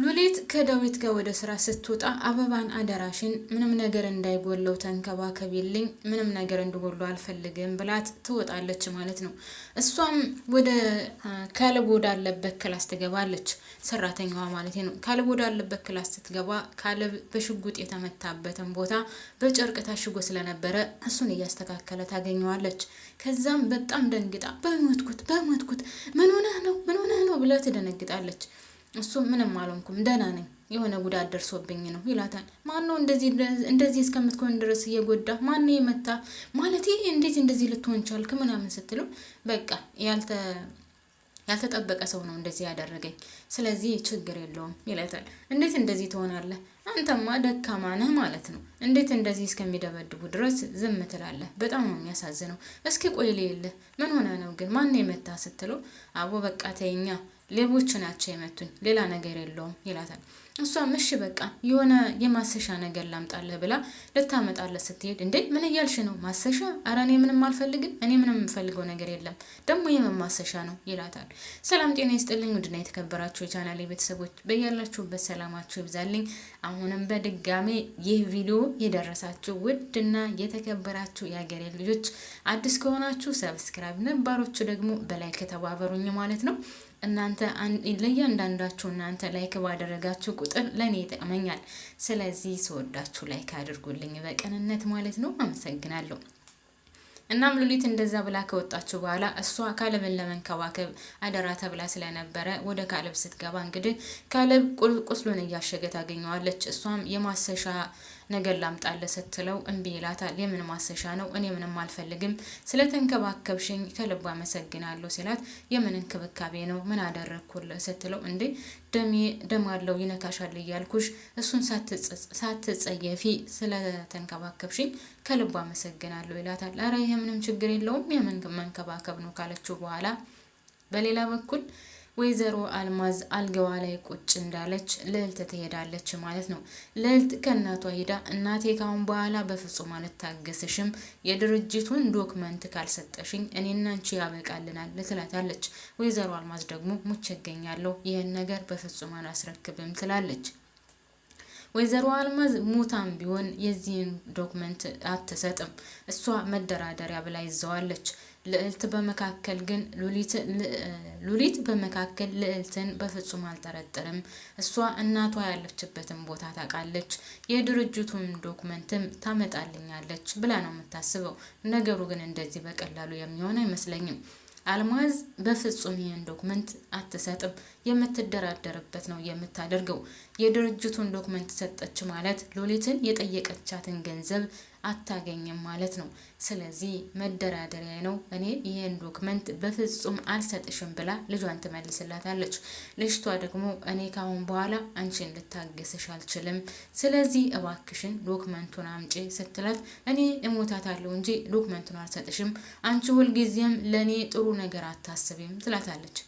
ሉሊት ከዳዊት ጋር ወደ ስራ ስትወጣ አበባን አደራሽን ምንም ነገር እንዳይጎለው ተንከባከቢልኝ፣ ምንም ነገር እንድጎሉ አልፈልግም ብላት ትወጣለች ማለት ነው። እሷም ወደ ካልብ ወዳለበት ክላስ ትገባለች፣ ሰራተኛዋ ማለት ነው። ካልብ ወዳለበት ክላስ ስትገባ ካልብ በሽጉጥ የተመታበትን ቦታ በጨርቅ ታሽጎ ስለነበረ እሱን እያስተካከለ ታገኘዋለች። ከዛም በጣም ደንግጣ በሞትኩት በሞትኩት ምን ሆነህ ነው ምን ሆነህ ነው ብላ ትደነግጣለች። እሱም ምንም አልሆንኩም ደህና ነኝ፣ የሆነ ጉዳት ደርሶብኝ ነው ይላታል። ነው እንደዚህ እስከምትኮን ድረስ እየጎዳ ማነው የመታ ማለት እንዴት እንደዚህ ልትሆን ቻልክ? ምናምን ስትለው በቃ ያልተጠበቀ ሰው ነው እንደዚህ ያደረገኝ፣ ስለዚህ ችግር የለውም ይላታል። እንዴት እንደዚህ ትሆናለህ? አንተማ ደካማ ነህ ማለት ነው። እንዴት እንደዚህ እስከሚደበድቡ ድረስ ዝም ትላለህ? በጣም ነው የሚያሳዝነው። እስኪ ቆይ ልየልህ፣ ምን ሆነ ነው ግን ማን የመታ ስትለው፣ አቦ በቃ ተይኛ፣ ሌቦች ናቸው የመቱኝ፣ ሌላ ነገር የለውም ይላታል። እሷ ምሽ በቃ የሆነ የማሰሻ ነገር ላምጣለህ ብላ ልታመጣለህ ስትሄድ፣ እንዴ ምን እያልሽ ነው? ማሰሻ? አረ እኔ ምንም አልፈልግም። እኔ ምንም የምፈልገው ነገር የለም። ደግሞ የምን ማሰሻ ነው ይላታል። ሰላም ጤና ይስጥልኝ ውድና የተከበራችሁ የቻናሌ ቤተሰቦች፣ በያላችሁበት ሰላማችሁ ይብዛልኝ። አሁንም በድጋሜ ይህ ቪዲዮ የደረሳችሁ ውድና የተከበራችሁ የሀገሬ ልጆች አዲስ ከሆናችሁ ሰብስክራይብ፣ ነባሮቹ ደግሞ በላይ ከተባበሩኝ ማለት ነው። እናንተ ለእያንዳንዳችሁ እናንተ ላይክ ባደረጋችሁ ቁጥር ለእኔ ይጠቅመኛል። ስለዚህ ስወዳችሁ ላይክ አድርጉልኝ በቅንነት ማለት ነው። አመሰግናለሁ። እናም ሉሊት እንደዛ ብላ ከወጣችሁ በኋላ እሷ ካለብን ለመንከባከብ አደራ ተብላ ስለነበረ ወደ ካለብ ስትገባ እንግዲህ ካለብ ቁስሉን እያሸገ ታገኘዋለች። እሷም የማሰሻ ነገር ላምጣለ ስትለው እምቢ ይላታል። የምን ማሰሻ ነው? እኔ ምንም አልፈልግም። ስለተንከባከብሽኝ ከልብ አመሰግናለሁ ሲላት የምን እንክብካቤ ነው? ምን አደረግኩልህ? ስትለው እንዴ ደም አለው ይነካሻል እያልኩሽ እሱን ሳትጸየፊ ስለተንከባከብሽኝ ከልብ አመሰግናለሁ ይላታል። ኧረ ይሄ ምንም ችግር የለውም የምን መንከባከብ ነው ካለችው በኋላ በሌላ በኩል ወይዘሮ አልማዝ አልገዋ ላይ ቁጭ እንዳለች ልዕልት ትሄዳለች ማለት ነው። ልዕልት ከእናቷ ሂዳ እናቴ ካሁን በኋላ በፍጹም አልታገስሽም፣ የድርጅቱን ዶክመንት ካልሰጠሽኝ እኔና አንቺ ያበቃልናል ትላታለች። ወይዘሮ አልማዝ ደግሞ ሙቼ እገኛለሁ፣ ይህን ነገር በፍጹም አላስረክብም ትላለች። ወይዘሮ አልማዝ ሙታም ቢሆን የዚህን ዶክመንት አትሰጥም። እሷ መደራደሪያ ብላ ይዘዋለች። ልዕልት በመካከል ግን ሉሊት በመካከል ልዕልትን በፍጹም አልጠረጥርም። እሷ እናቷ ያለችበትን ቦታ ታውቃለች፣ የድርጅቱን ዶክመንትም ታመጣልኛለች ብላ ነው የምታስበው። ነገሩ ግን እንደዚህ በቀላሉ የሚሆን አይመስለኝም። አልማዝ በፍጹም ይህን ዶክመንት አትሰጥም። የምትደራደርበት ነው የምታደርገው። የድርጅቱን ዶክመንት ሰጠች ማለት ሉሊትን የጠየቀቻትን ገንዘብ አታገኝም ማለት ነው። ስለዚህ መደራደሪያ ነው፣ እኔ ይህን ዶክመንት በፍጹም አልሰጥሽም ብላ ልጇን ትመልስላታለች። ልጅቷ ደግሞ እኔ ካሁን በኋላ አንቺን ልታገስሽ አልችልም፣ ስለዚህ እባክሽን ዶክመንቱን አምጪ ስትላት እኔ እሞታታለሁ እንጂ ዶክመንቱን አልሰጥሽም፣ አንቺ ሁልጊዜም ለእኔ ጥሩ ነገር አታስቢም ትላታለች።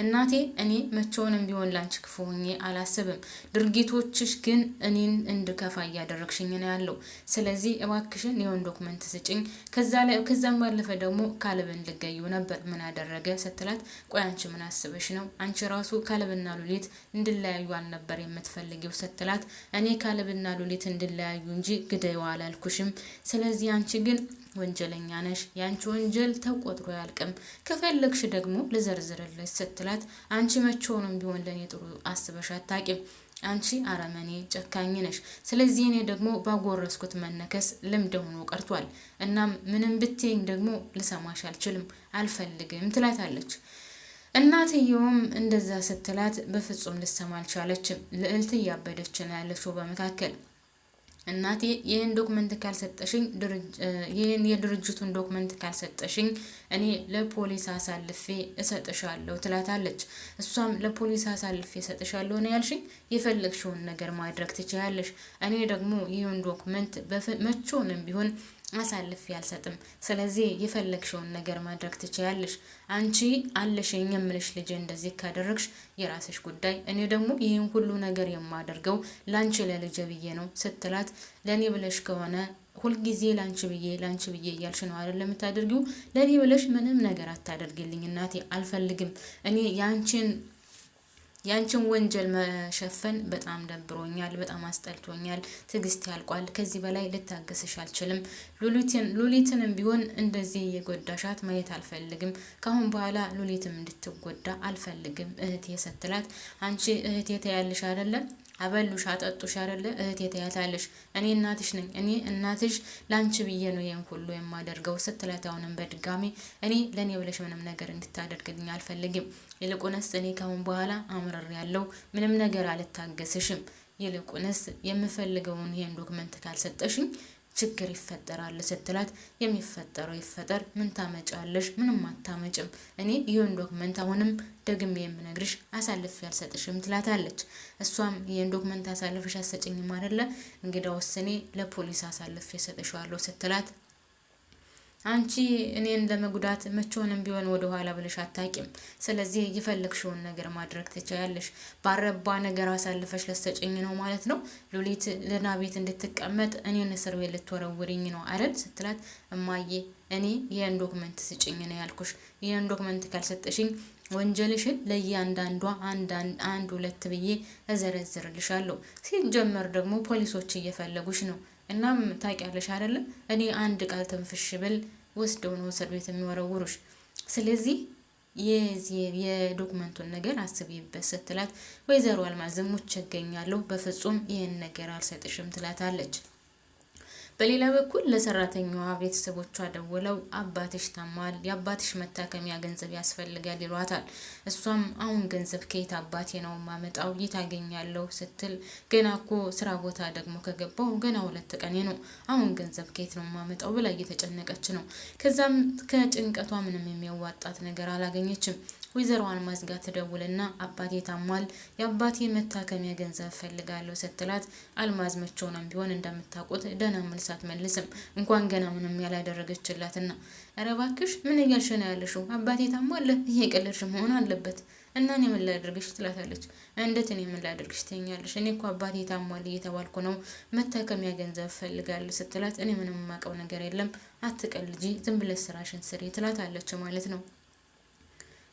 እናቴ እኔ መቼውንም ቢሆን ላንቺ ክፉ ሆኜ አላስብም። ድርጊቶችሽ ግን እኔን እንድከፋ እያደረግሽኝ ነው ያለው። ስለዚህ እባክሽን የሆን ዶክመንት ስጭኝ። ከዛም ባለፈ ደግሞ ካለብን ልገዩ ነበር ምን አደረገ ስትላት፣ ቆይ አንቺ ምን አስበሽ ነው? አንቺ ራሱ ካልብና ሉሊት እንድለያዩ አልነበር የምትፈልጊው ስትላት፣ እኔ ካልብና ሉሊት እንድለያዩ እንጂ ግደይዋ አላልኩሽም። ስለዚህ አንቺ ግን ወንጀለኛ ነሽ። ያንቺ ወንጀል ተቆጥሮ ያልቅም ከፈለግሽ ደግሞ ልዘርዝርልሽ ስትላት ስትላት አንቺ መቼውንም ቢሆን ለእኔ ጥሩ አስበሽ አታቂም። አንቺ አረመኔ ጨካኝ ነሽ። ስለዚህ እኔ ደግሞ ባጎረስኩት መነከስ ልምድ ሆኖ ቀርቷል። እናም ምንም ብትይኝ ደግሞ ልሰማሽ አልችልም፣ አልፈልግም ትላታለች። እናትየውም እንደዛ ስትላት በፍጹም ልሰማ አልቻለችም። ልዕልት እያበደች ነው ያለችው በመካከል እናቴ ይህን ዶክመንት ካልሰጠሽኝ ይህን የድርጅቱን ዶክመንት ካልሰጠሽኝ እኔ ለፖሊስ አሳልፌ እሰጥሻለሁ ትላታለች። እሷም ለፖሊስ አሳልፌ እሰጥሻለሁ ነው ያልሽኝ? የፈለግሽውን ነገር ማድረግ ትችያለሽ። እኔ ደግሞ ይህን ዶክመንት መቼውንም ቢሆን አሳልፌ አልሰጥም። ስለዚህ የፈለግሽውን ነገር ማድረግ ትችያለሽ። አንቺ አለሽ የምልሽ ልጅ እንደዚህ ካደረግሽ የራስሽ ጉዳይ፣ እኔ ደግሞ ይህን ሁሉ ነገር የማደርገው ላንቺ ለልጄ ብዬ ነው ስትላት ለእኔ ብለሽ ከሆነ ሁልጊዜ ላንቺ ብዬ ላንቺ ብዬ እያልሽ ነው አይደል የምታደርጊው? ለእኔ ብለሽ ምንም ነገር አታደርግልኝ እናቴ፣ አልፈልግም እኔ ያንቺን ያንቺን ወንጀል መሸፈን በጣም ደብሮኛል፣ በጣም አስጠልቶኛል። ትዕግስት ያልቋል። ከዚህ በላይ ልታገስሽ አልችልም። ሉሊትንም ቢሆን እንደዚህ የጎዳሻት ማየት አልፈልግም። ካሁን በኋላ ሉሊትም እንድትጎዳ አልፈልግም እህቴ ስትላት አንቺ እህቴ ተያለሽ አይደለም አበሉሽ አጠጡሽ አይደለ እህቴ ትያታለሽ። እኔ እናትሽ ነኝ፣ እኔ እናትሽ ላንቺ ብዬ ነው ይህን ሁሉ የማደርገው ስትላት አሁንም በድጋሚ እኔ ለእኔ ብለሽ ምንም ነገር እንድታደርግልኝ አልፈልግም። ይልቁንስ እኔ ካሁን በኋላ አምረር ያለው ምንም ነገር አልታገስሽም። ይልቁንስ የምፈልገውን ይህን ዶክመንት ካልሰጠሽኝ ችግር ይፈጠራል ስትላት የሚፈጠረው ይፈጠር፣ ምን ታመጫለሽ? ምንም አታመጭም። እኔ ይህን ዶክመንት አሁንም ደግሜ የምነግርሽ አሳልፌ አልሰጥሽም ትላታለች። እሷም ይህን ዶክመንት አሳልፍሽ አሰጭኝም አደለ እንግዳ ወስኔ ለፖሊስ አሳልፍ የሰጥሸዋለሁ ስትላት አንቺ እኔን ለመጉዳት መቼውንም ቢሆን ወደ ኋላ ብለሽ አታቂም። ስለዚህ የፈለግሽውን ነገር ማድረግ ትችያለሽ። ባረባ ነገር አሳልፈሽ ልትሰጭኝ ነው ማለት ነው። ሉሊት ለና ቤት እንድትቀመጥ እኔን እስር ቤት ልትወረውርኝ ነው አይደል? ስትላት እማዬ እኔ ይህን ዶክመንት ስጭኝ ነው ያልኩሽ። ይህን ዶክመንት ካልሰጠሽኝ ወንጀልሽን ለእያንዳንዷ አንድ ሁለት ብዬ እዘረዝርልሻለሁ። ሲጀመር ደግሞ ፖሊሶች እየፈለጉሽ ነው። እናም ታውቂያለሽ አይደለ እኔ አንድ ቃል ትንፍሽ ብል ወስደው ነው እስር ቤት የሚወረውሩሽ። ስለዚህ የዶክመንቱን ነገር አስቢበት ስትላት፣ ወይዘሮ አልማዝም ሙች እገኛለሁ፣ በፍጹም ይህን ነገር አልሰጥሽም ትላታለች። በሌላ በኩል ለሰራተኛዋ ቤተሰቦቿ ደውለው አባትሽ ታሟል፣ የአባትሽ መታከሚያ ገንዘብ ያስፈልጋል ይሏታል። እሷም አሁን ገንዘብ ከየት አባቴ ነው ማመጣው የታገኛለሁ ስትል ገና እኮ ስራ ቦታ ደግሞ ከገባው ገና ሁለት ቀኔ ነው፣ አሁን ገንዘብ ከየት ነው ማመጣው ብላ እየተጨነቀች ነው። ከዛም ከጭንቀቷ ምንም የሚያዋጣት ነገር አላገኘችም። ወይዘሮዋን ማዝጋ ትደውልና አባቴ ታሟል፣ የአባቴ መታከሚያ ገንዘብ ፈልጋለሁ ስትላት አልማዝ መቼውንም ቢሆን እንደምታውቁት ደህና መልስ አትመልስም። እንኳን ገና ምንም ያላደረገችላትና ኧረ እባክሽ ምን እያልሽ ነው ያለሽው? አባቴ ታሟል፣ እየቀለድሽ መሆን አለበት እና እኔ ምን ትላታለች። እንዴት እኔ ምን ላድርግሽ ትኛለሽ? እኔ እኮ አባቴ ታሟል እየተባልኩ ነው፣ መታከሚያ ገንዘብ ፈልጋለሁ ስትላት እኔ ምንም የማውቀው ነገር የለም፣ አትቀልጂ፣ ዝም ብለሽ ስራሽን ስሪ ትላታለች ማለት ነው።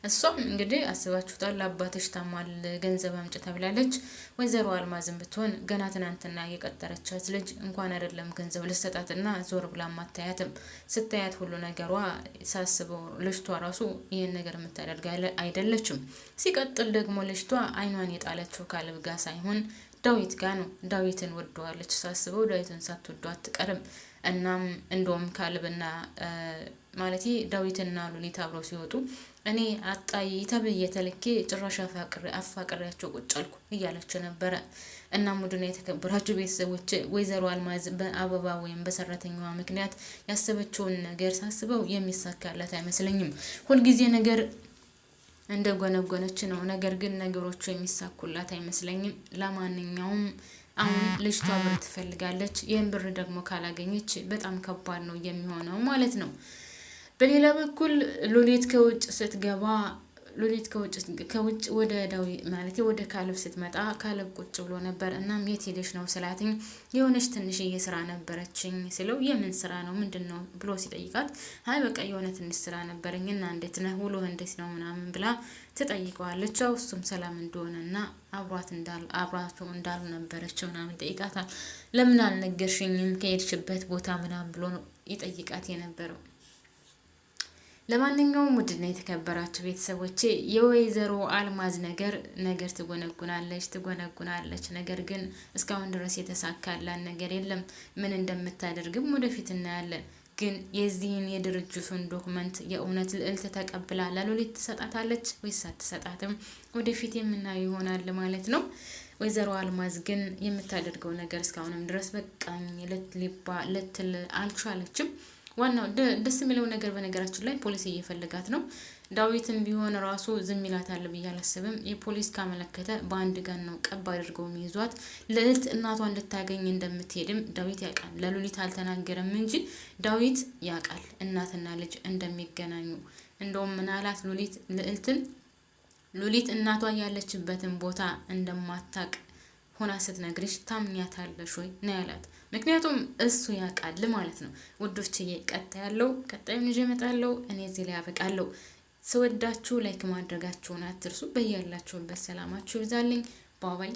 እሷም እንግዲህ አስባችሁታል፣ አባትሽ ታሟል ገንዘብ አምጭ ተብላለች። ወይዘሮ አልማዝም ብትሆን ገና ትናንትና የቀጠረቻት ልጅ እንኳን አይደለም ገንዘብ ልሰጣትና ዞር ብላም አታያትም። ስታያት ሁሉ ነገሯ ሳስበው ልጅቷ ራሱ ይህን ነገር የምታደርግ አይደለችም። ሲቀጥል ደግሞ ልጅቷ አይኗን የጣለችው ካሌብ ጋ ሳይሆን ዳዊት ጋ ነው። ዳዊትን ወደዋለች ሳስበው፣ ዳዊትን ሳትወደው አትቀርም። እናም እንደውም ካሌብና ማለት ዳዊትና ሉሊት አብረው ሲወጡ እኔ አጣይ ተብዬ ተልኬ ጭራሽ አፋቅሬያቸው ቁጭ አልኩ ነበረ። እና ውድና የተከበራችሁ ቤተሰቦች ወይዘሮ አልማዝ በአበባ ወይም በሰራተኛዋ ምክንያት ያሰበችውን ነገር ሳስበው የሚሳካላት አይመስለኝም። ሁልጊዜ ነገር እንደ ጎነጎነች ነው። ነገር ግን ነገሮቹ የሚሳኩላት አይመስለኝም። ለማንኛውም አሁን ልጅቷ ብር ትፈልጋለች። ይህን ብር ደግሞ ካላገኘች በጣም ከባድ ነው የሚሆነው ማለት ነው። በሌላ በኩል ሉሊት ከውጭ ስትገባ ሉሊት ከውጭ ወደ ዳዊ ማለት ወደ ካለብ ስትመጣ ካለብ ቁጭ ብሎ ነበር። እናም የት ሄደሽ ነው ስላትኝ የሆነች ትንሽዬ ስራ ነበረችኝ ስለው የምን ስራ ነው ምንድን ነው ብሎ ሲጠይቃት አይ በቃ የሆነ ትንሽ ስራ ነበረኝ እና እንዴት ነህ ውሎ እንዴት ነው ምናምን ብላ ትጠይቀዋለች። ያው እሱም ሰላም እንደሆነ እና አብሯት እንዳሉ አብሯቱ እንዳሉ ነበረች ምናምን ጠይቃታል። ለምን አልነገርሽኝም ከሄድሽበት ቦታ ምናምን ብሎ ነው ይጠይቃት የነበረው። ለማንኛውም ውድና የተከበራችሁ ቤተሰቦቼ የወይዘሮ አልማዝ ነገር ነገር ትጎነጉናለች ትጎነጉናለች። ነገር ግን እስካሁን ድረስ የተሳካላን ነገር የለም። ምን እንደምታደርግም ወደፊት እናያለን። ግን የዚህን የድርጅቱን ዶክመንት የእውነት ልዕልት ተቀብላ ለሎሊት ትሰጣታለች ወይስ አትሰጣትም? ወደፊት የምናየው ይሆናል ማለት ነው። ወይዘሮ አልማዝ ግን የምታደርገው ነገር እስካሁንም ድረስ በቃኝ ልትል አልቻለችም። ዋናው ደስ የሚለው ነገር በነገራችን ላይ ፖሊስ እየፈለጋት ነው። ዳዊትን ቢሆን ራሱ ዝም አለ ብዬ አላስብም። የፖሊስ ካመለከተ በአንድ ጋን ነው ቀብ አድርገው ይዟት ልዕልት እናቷ እንድታገኝ እንደምትሄድም ዳዊት ያውቃል። ለሉሊት አልተናገረም እንጂ ዳዊት ያውቃል እናትና ልጅ እንደሚገናኙ። እንደውም ምናላት ሉሊት ልዕልትን ሉሊት እናቷ ያለችበትን ቦታ እንደማታቅ ሆና ስትነግርሽ ታምኛታለሽ ወይ ነው ያላት። ምክንያቱም እሱ ያውቃል ማለት ነው። ውዶችዬ ቀጣ ያለው ቀጣዩን ይዤ እመጣለሁ። እኔ እዚህ ላይ ያበቃለሁ። ስወዳችሁ ላይክ ማድረጋችሁን አትርሱ። በያላችሁበት ሰላማችሁ ይብዛልኝ። ባባይ